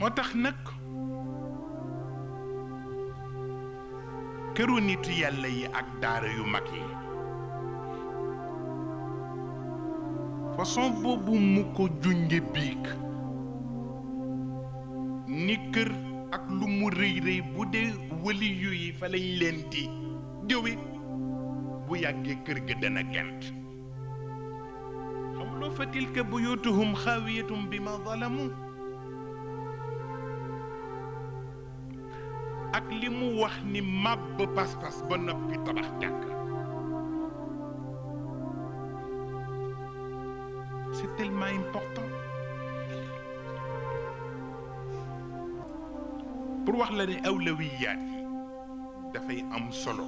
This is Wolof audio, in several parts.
moo tax nag këru nitu yàlla yi ak daara yu mag yi façon boobu mu ko junje biig ni kër ak lu mu rëy rëy bu dee wëli yu yi fa lañ leen di jëwe bu yàggee kër ga dana gent xam loo fa tilka buyutuhum xaawiyatum bi ma zalamu ak limu wax ni mab pass pass ba nopi tabax jak c'est tellement important pour wax la ni awlawiyat yi fay am solo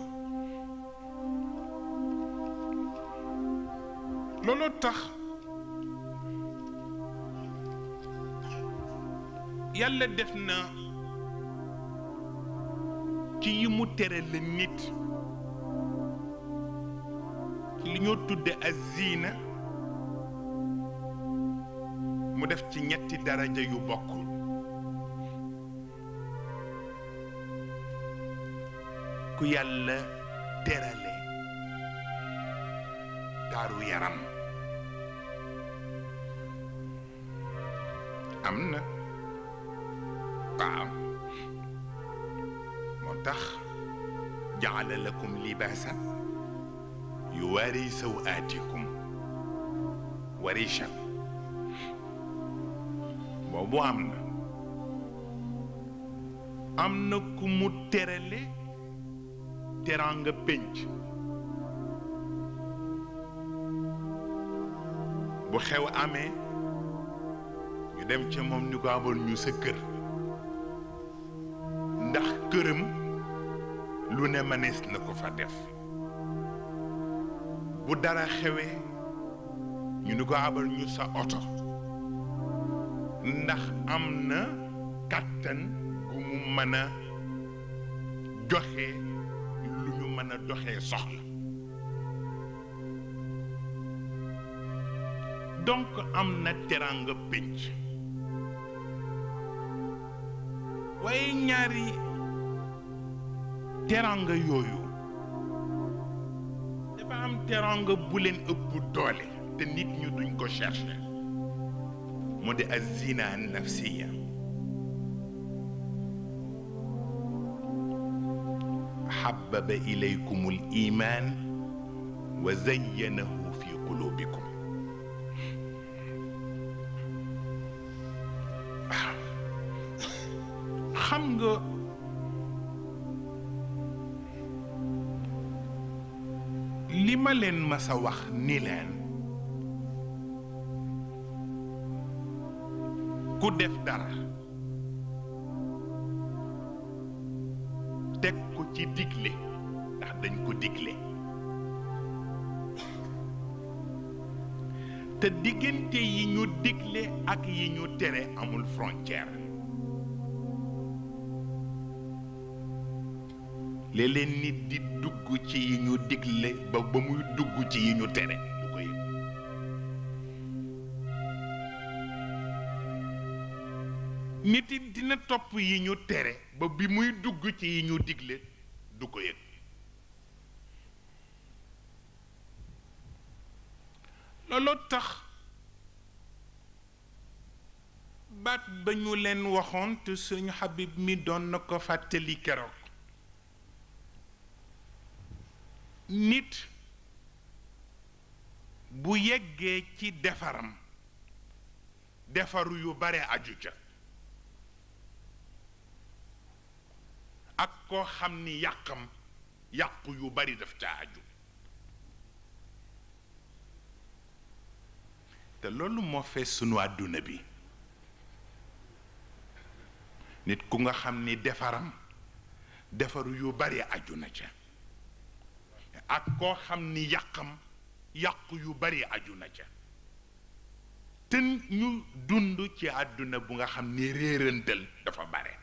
lolo tax yàlla defna na ci yi mu tere la nit ci li ñoo tudde azina mu def ci ñetti daraja yu bokkul ku yàlla terale taaru yaram am na waaw المرتخ جعل لكم لباسا يواري سوآتكم وريشا بابو أمنا أمنا كمو تيرالي تيرانغ بنج bu xew amee ñu dem ca moom ñu ko amul ñu sa kër ndax këram lu ne mënees na ko fa def bu dara xewee ñu ni ko abal ñu sa oto ndax am na kàttan gu mu mën a joxe lu ñu mën a doxee soxla donc am na teraanga pénc waaye ñaari teranga yooyu dafa am teranga bu len ëpp doole te nit ñu duñ ko chercher modi di azina nafsiya حبب إليكم الإيمان وزينه في قلوبكم خمغ li ma leen ma a wax ni leen ku def dara teg ko ci digle ndax dañ ko digle te diggante yi ñu digle ak yi ñu tere amul frontière léeg-léeg nit di dugg ci yi ñu digle ba ba muy dugg ci yi ñu dina topp yi ñu tere ba bi muy dugg ci ñu digle du ko yëg looloo tax baat ba ñu leen waxoon te suñu Habib mi doon na ko fàttali keroog nit bu yeggee ci defaram defaru yu bare aju ca ak koo xam ni yàqam yàqu yu bari def ca aju te loolu moo fees sunu àdduna bi nit ku nga xam ni defaram defaru yu bari aju na ca ak koo xam ni yàqam yàqu yu bari aju na ca te ñu dund ci àdduna bu nga xam ni réerantal dafa bare